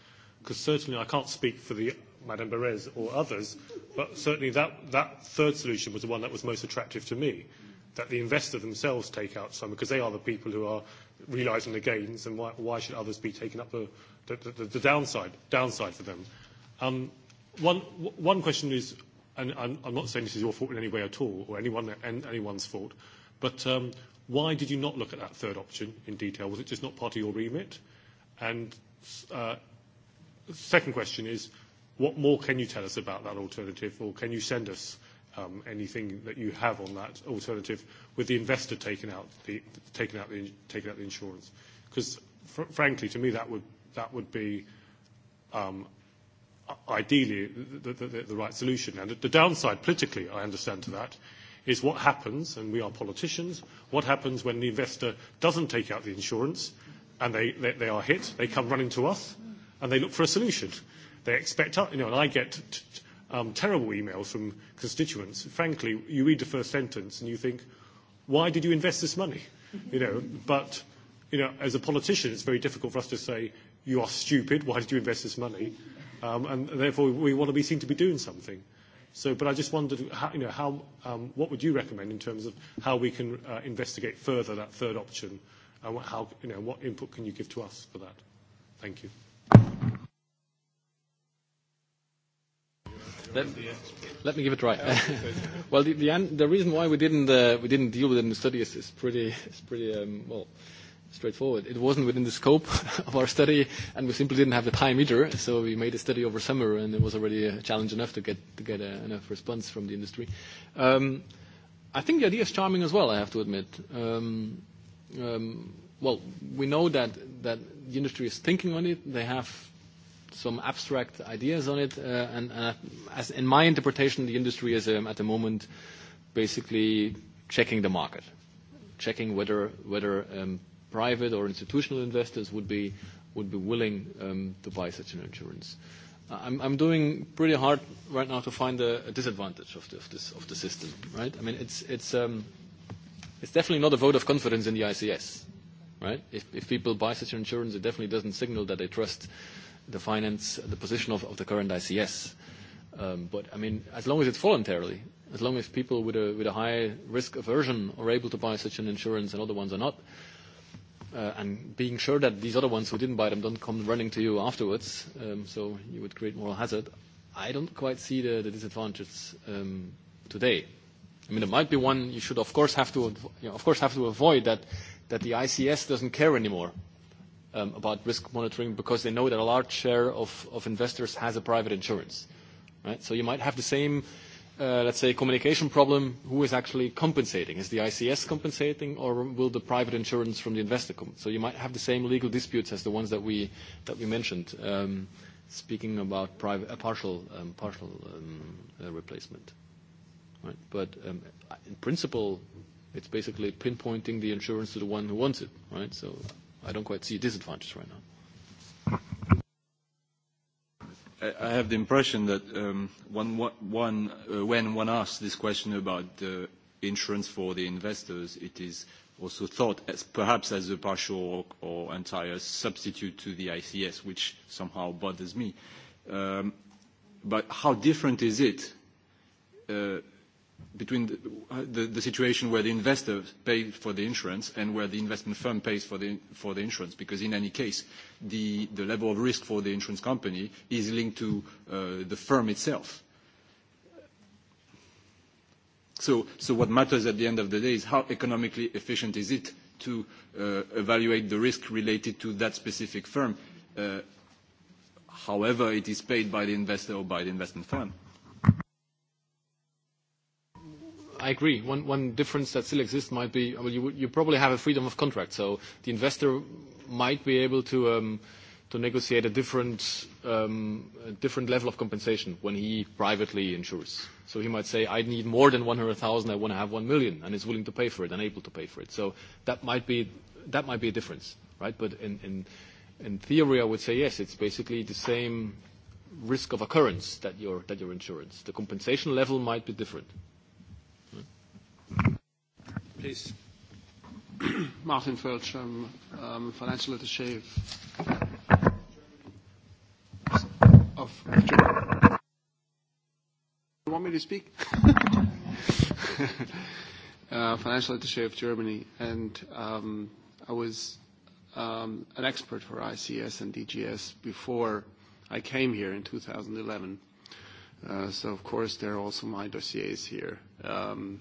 because certainly I can't speak for the Madame Beres or others, but certainly that, that third solution was the one that was most attractive to me, that the investor themselves take out some, because they are the people who are realizing the gains, and why, why should others be taking up the, the, the, the downside, downside for them? Um, one, one question is, and I'm, I'm not saying this is your fault in any way at all, or anyone, anyone's fault, But um, why did you not look at that third option in detail? Was it just not part of your remit? And uh, second question is, what more can you tell us about that alternative, or can you send us um, anything that you have on that alternative with the investor taking out the insurance? 'Cause frankly, to me, that would be um, ideally the right solution. And the downside, politically, I understand to that, is what happens, and we are politicians, what happens when the investor doesn't take out the insurance and they are hit? They come running to us, and they look for a solution. They expect us. You know, and I get um, terrible emails from constituents. Frankly, you read the first sentence, and you think, "Why did you invest this money?" You know, but, you know, as a politician, it's very difficult for us to say, "You are stupid. Why did you invest this money?" Um, and therefore, we want to be seen to be doing something. So, but I just wondered how, you know, how, um, what would you recommend in terms of how we can uh, investigate further that third option? And what, how, you know, what input can you give to us for that? Thank you. Let me give a try. [LAUGHS] Well, the reason why uh, we didn't deal with it in the study is pretty um, well straightforward. It wasn't within the scope [LAUGHS] of our study, and we simply didn't have the time either. So we made a study over summer, and it was already a challenge enough to get to get a, uh, enough response from the industry. Um, I think the idea is charming as well. I have to admit. Um, um, well, we know that that the industry is thinking on it. They have some abstract ideas on it, uh, and, and uh, as in my interpretation, the industry is um, at the moment basically checking the market, checking whether whether um, private or institutional investors would be willing um, to buy such an insurance. Uh, I'm doing pretty hard right now to find a disadvantage of the system, right? I mean, um, it's definitely not a vote of confidence in the ICS, right? If people buy such insurance, it definitely doesn't signal that they trust the finance, the position of the current ICS. Um, but I mean, as long as it's voluntarily, as long as people with a high risk aversion are able to buy such an insurance and other ones are not, Uh, and being sure that these other ones who didn't buy them don't come running to you afterwards, um, so you would create moral hazard. I don't quite see the, the disadvantage um, today. I mean, there might be one you should, of course, have to, you know, of course, have to avoid that, that the ICS doesn't care anymore um, about risk monitoring because they know that a large share of, of investors has a private insurance. Right? So you might have the same Uh, let's say, communication problem, who is actually compensating? Is the ICS compensating, or will the private insurance from the investor come? So you might have the same legal disputes as the ones that we that we mentioned. Um, speaking about private, a partial, um, partial um, uh, replacement. Right? But um, in principle, it's basically pinpointing the insurance to the one who wants it. Right? So I don't quite see a disadvantage right now. I have the impression that um, when, one, uh, when one asks this question about uh, insurance for the investors, it is also thought as perhaps as a partial or, or entire substitute to the ICS, which somehow bothers me. Um, but how different is it uh, between the, uh, the, the situation where the investor pays for the insurance and where the investment firm pays for the, for the insurance, because in any case, the, the level of risk for the insurance company is linked to uh, the firm itself. So, so what matters at the end of the day is how economically efficient is it to uh, evaluate the risk related to that specific firm, uh, however it is paid by the investor or by the investment firm. I agree. One difference that still exists might be, well, you probably have a freedom of contract, so the investor might be able to um, negotiate um, a different level of compensation when he privately insures. So he might say, "I need more than 100,000, I want to have 1 million," and is willing to pay for it and able to pay for it. So that might be a difference, right? But in theory, I would say yes, it's basically the same risk of occurrence that your insurance. The compensation level might be different. Please. [CLEARS THROAT] Martin Fälschheim, um, financial attaché of. You want me to speak? [LAUGHS] Uh, financial attaché of Germany, and um, I was um, an expert for ICS and DGS before I came here in 2011. Uh, so of course, there are also my dossiers here. And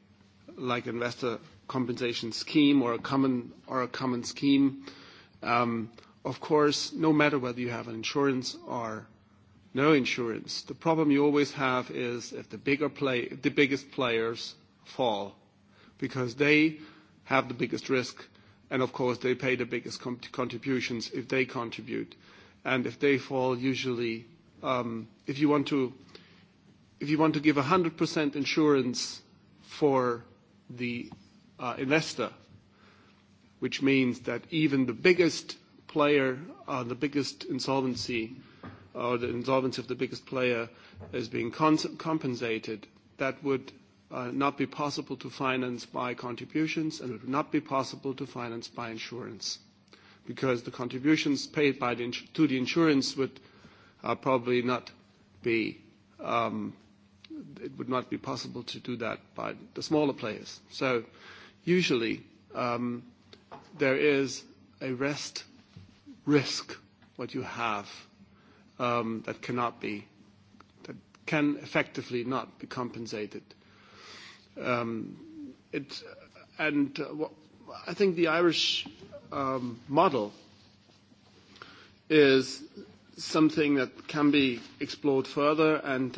like investor compensation scheme or a common, or a common scheme. Um, of course, no matter whether you have an insurance or no insurance, the problem you always have is if the bigger play, the biggest players fall, because they have the biggest risk, and of course, they pay the biggest contributions if they contribute. And if they fall, usually, um, if you want to, if you want to give 100% insurance for the uh, investor, which means that even the biggest player, uh, the biggest insolvency or the insolvency of the biggest player is being compensated, that would uh, not be possible to finance by contributions and would not be possible to finance by insurance. Because the contributions paid to the insurance would probably not be um, it would not be possible to do that by the smaller players. So usually, um, there is a rest risk, what you have, um, that cannot be, that can effectively not be compensated. Um, it's, and uh, what I think the Irish model is something that can be explored further, and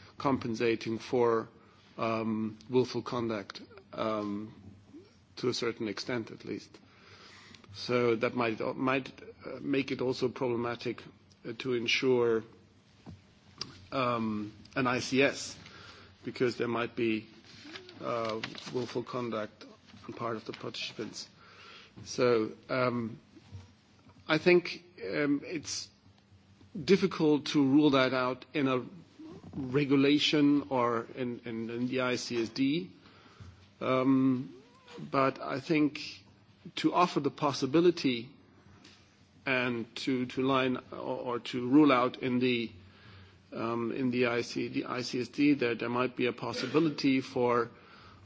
compensating for um, willful conduct um, to a certain extent, at least. So that might might uh, make it also problematic uh, to ensure um, an ICS because there might be uh, willful conduct on part of the participants. So um, I think um, it's difficult to rule that out in a regulation or in, in, in the ICSD. Um, but I think to offer the possibility and to, to line or, or to rule out in the, um, in the ICD, ICSD that there might be a possibility for,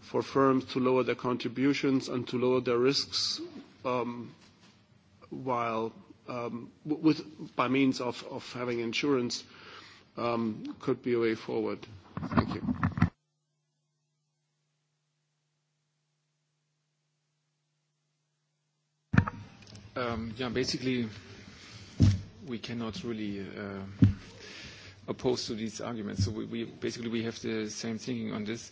for firms to lower their contributions and to lower their risks um, while um, with, by means of, of having insurance uh, Um, could be a way forward. Thank you. Um, yeah, basically, we cannot really uh, oppose to these arguments. We basically have the same thinking on this.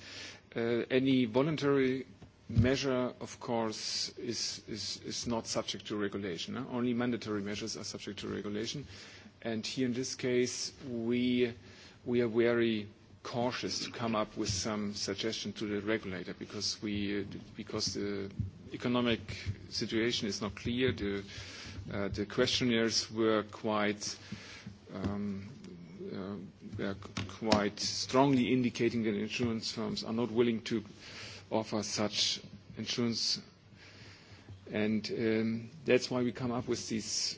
Uh, any voluntary measure, of course, is not subject to regulation. Only mandatory measures are subject to regulation. And here in this case, we are very cautious to come up with some suggestion to the regulator because the economic situation is not clear. The uh, questionnaires um, uh, were quite strongly indicating that insurance firms are not willing to offer such insurance. And um, that's why we come up with these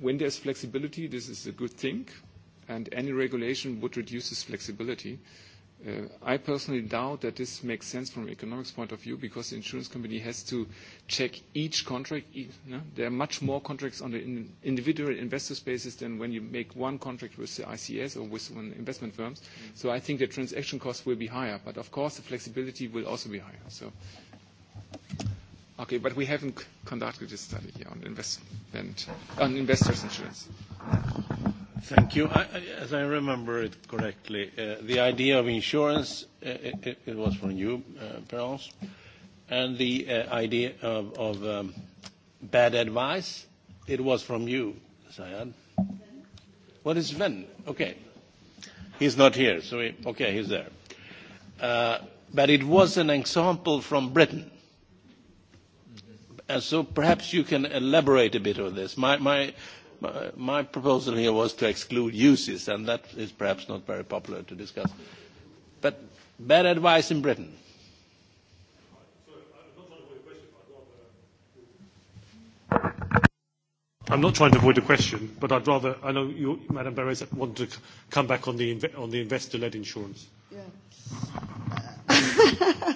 when there's flexibility, this is a good thing, and any regulation would reduce this flexibility. Uh, I personally doubt that this makes sense from an economics point of view because the insurance company has to check each contract. You e, know? There are much more contracts on the in individual investor spaces than when you make one contract with the ICS or with one investment firms. Mm -hmm. So I think the transaction costs will be higher, but of course the flexibility will also be higher. So. Thank you. Okay, but we haven't conducted this study here on investment, on investors insurance. Thank you. As I remember it correctly, uh, the idea of insurance, uh, it was from you, uh, Per-Hans, and the idea of um, bad advice, it was from you, Sayad. Sven. What is Sven? Okay. He's not here, so he... Okay, he's there. But it was an example from Britain, Uh, so perhaps you can elaborate a bit on this. My, my, my proposal here was to exclude uses, and that is perhaps not very popular to discuss. But bad advice in Britain. I'm not trying to avoid a question, but I'd rather, I know you, Madam Beres, wanted to come back on the, on the investor-led insurance. Yeah. [LAUGHS]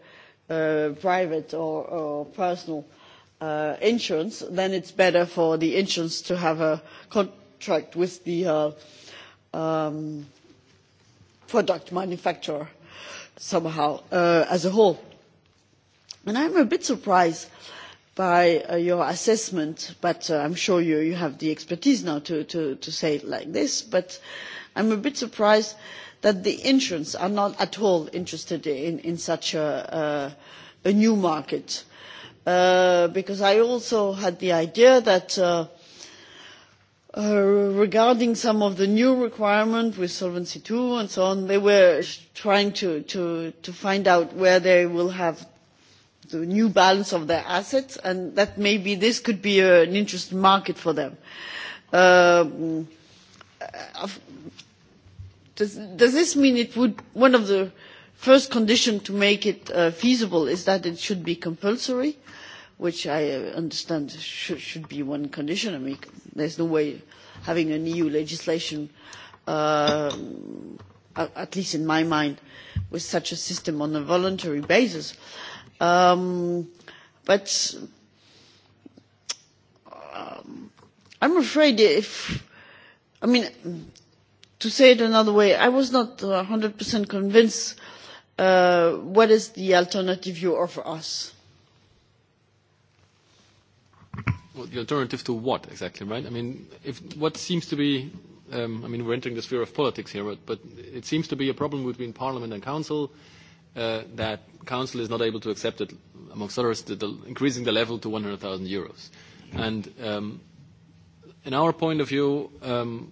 Uh, private or personal uh, insurance, then it's better for the insurance to have a contract with the uh, um, product manufacturer somehow as a whole. I'm a bit surprised by your assessment, but I'm sure you have the expertise now to say it like this. I'm a bit surprised that the insurance are not at all interested in, in such a, uh, a new market. Uh, because I also had the idea that uh, uh, regarding some of the new requirements with Solvency II and so on, they were trying to, to, to find out where they will have the new balance of their assets and that maybe this could be a, an interesting market for them. Uh, Does, does this mean it would, one of the first conditions to make it uh, feasible is that it should be compulsory, which I uh, understand should, should be one condition. I mean, there's no way having an EU legislation, uh, at least in my mind, with such a system on a voluntary basis. Um, but um, I'm afraid if, I mean, to say it another way, I was not 100% uh, convinced uh, what is the alternative you offer us. Well, the alternative to what exactly, right? I mean, if what seems to be, um, I mean, we're entering the sphere of politics here, but, but it seems to be a problem between Parliament and Council uh, that Council is not able to accept it, amongst others, the, the, increasing the level to 100,000 euros. And um, in our point of view, um,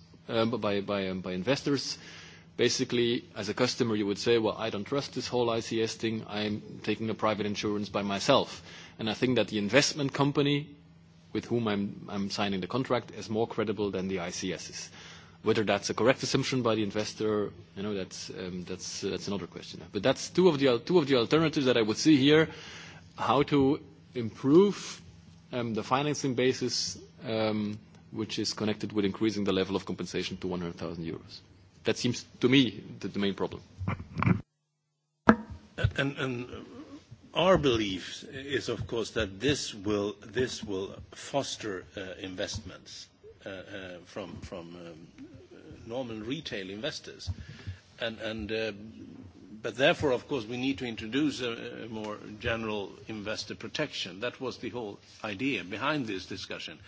Um, um, by investors. Basically, as a customer, you would say, "Well, I don't trust this whole ICS thing. I'm taking a private insurance by myself." And I think that the investment company with whom I'm signing the contract is more credible than the ICSs. Whether that's a correct assumption by the investor, you know, that's um, uh, another question. But that's two of the alternatives that I would see here, how to improve the financing basis which is connected with increasing the level of compensation to 100,000 euros. That seems to me the, the main problem. And, and, and our belief is, of course, that this will, this will foster uh, investments uh, uh, from, from um, normal retail investors. And, and, uh, but therefore, of course, we need to introduce a, a more general investor protection. That was the whole idea behind this discussion. Uh,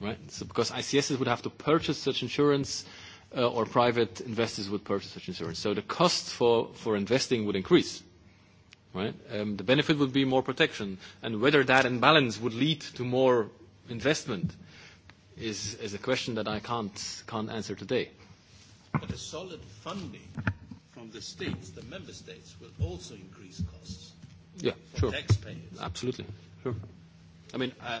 right? So because ICSs would have to purchase such insurance, uh, or private investors would purchase such insurance. So the cost for investing would increase, right? Um, the benefit would be more protection, and whether that imbalance would lead to more investment is a question that I can't answer today. But a solid funding from the states, the member states, will also increase costs- Yeah, sure. for taxpayers. Absolutely. Sure. I mean, uh,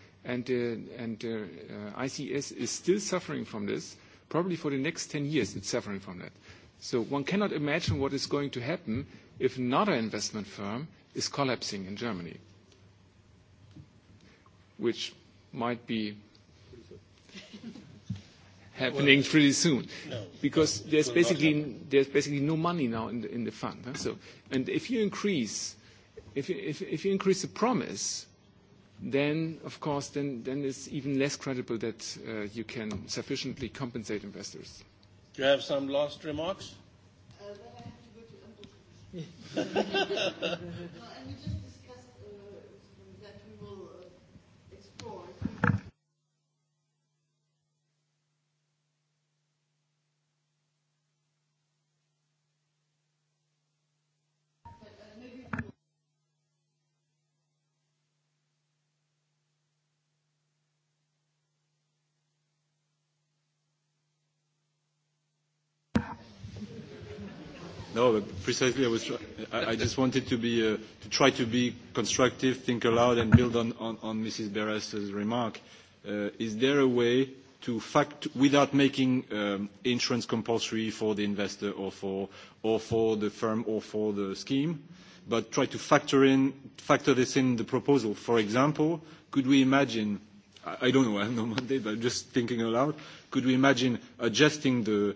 Uh, uh, ICS is still suffering from this. Probably for the next 10 years, it's suffering from that. One cannot imagine what is going to happen if another investment firm is collapsing in Germany, which might be [LAUGHS] happening pretty soon. No. Because there's basically no money now in the fund. If you increase the promise, then of course then then it's even less credible that uh, you can sufficiently compensate investors. Do you have some last remarks? Uh, then I have to go to [LAUGHS] [LAUGHS] No, precisely, I was trying. I just wanted to be uh, to try to be constructive, think aloud, and build on Mrs. Beres's remark. Uh, is there a way to fact without making um, insurance compulsory for the investor or for the firm or for the scheme, but try to factor in, factor this in the proposal? For example, could we imagine, I don't know, I have no [LAUGHS] mandate, but just thinking aloud, could we imagine adjusting the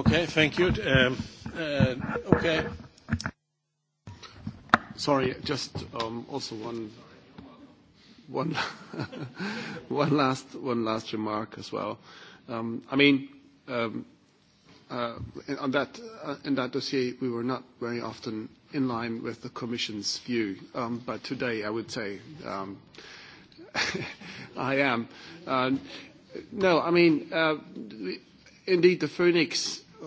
Okay, thank you. Um, uh, okay. Sorry, just um, also [LAUGHS] one last remark as well. Um, I mean, uh, on uh, that dossier, we were not very often in line with the commission's view. But today, I would say, [LAUGHS] I am. No, I mean, indeed, the Phoenix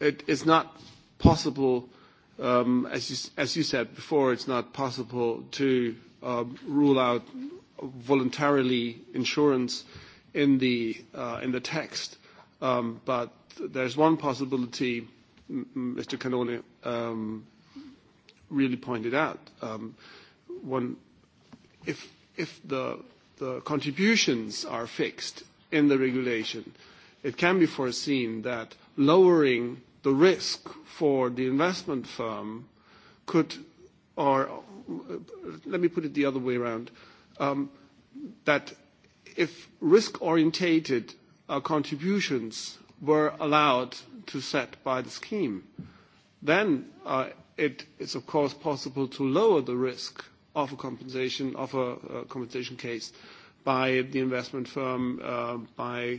it is not possible, um, as, you, as you said before, it's not possible to uh, rule out voluntarily insurance in the, uh, in the text. Um, but there's one possibility Mr. Canone um, really pointed out. Um, one, if if the, the contributions are fixed in the regulation, it can be foreseen that lowering the risk for the investment firm could, or let me put it the other way around, um, that if risk orientated uh, contributions were allowed to set by the scheme, then uh, it is of course possible to lower the risk of a compensation of a, a compensation case by the investment firm uh, by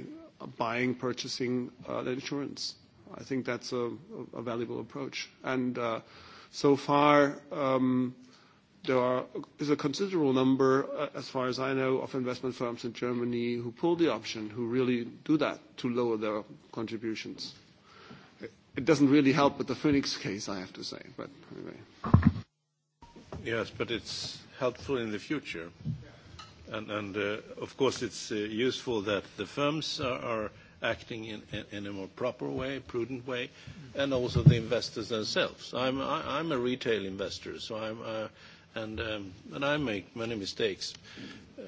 buying purchasing uh, the insurance. I think that's a valuable approach. Uh, so far, um, there is a considerable number, uh, as far as I know, of investment firms in Germany who pull the option, who really do that to lower their contributions. It doesn't really help with the Phoenix case, I have to say, but anyway. Yes, but it's helpful in the future. Yeah. Uh, of course, it's useful that the firms are acting in, in, in a more proper way, prudent way, and also the investors themselves. I'm, I, I'm a retail investor, so I'm, uh, and, um, and I make many mistakes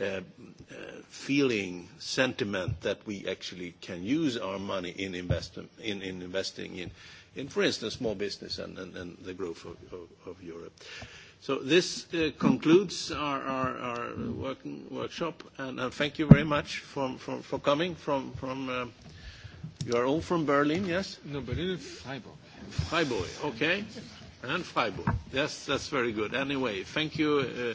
Uh, uh, feeling, sentiment that we actually can use our money in investing in, for instance, small business and the growth of Europe. This uh, concludes our workshop, and thank you very much for coming from. You are all from Berlin, yes? No, Berlin and Freiburg. Freiburg, okay. Freiburg. Yes, that's very good. Anyway, thank you.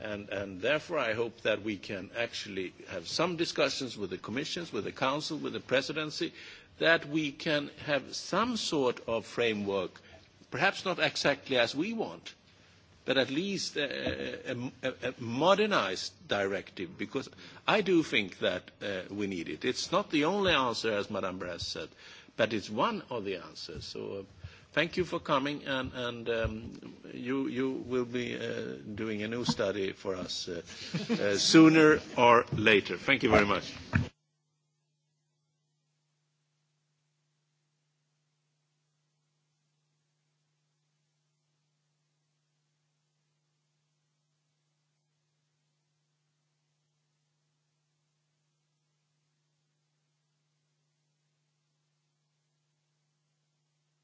and therefore I hope that we can actually have some discussions with the commissions, with the council, with the presidency, that we can have some sort of framework, perhaps not exactly as we want, but at least a, a, a, a modernized directive, because I do think that uh, we need it. It's not the only answer, as Madame Brass said, but it's one of the answers. So. Uh, Thank you for coming, and um, you will be uh, doing a new study for us uh, uh, sooner or later. Thank you very much.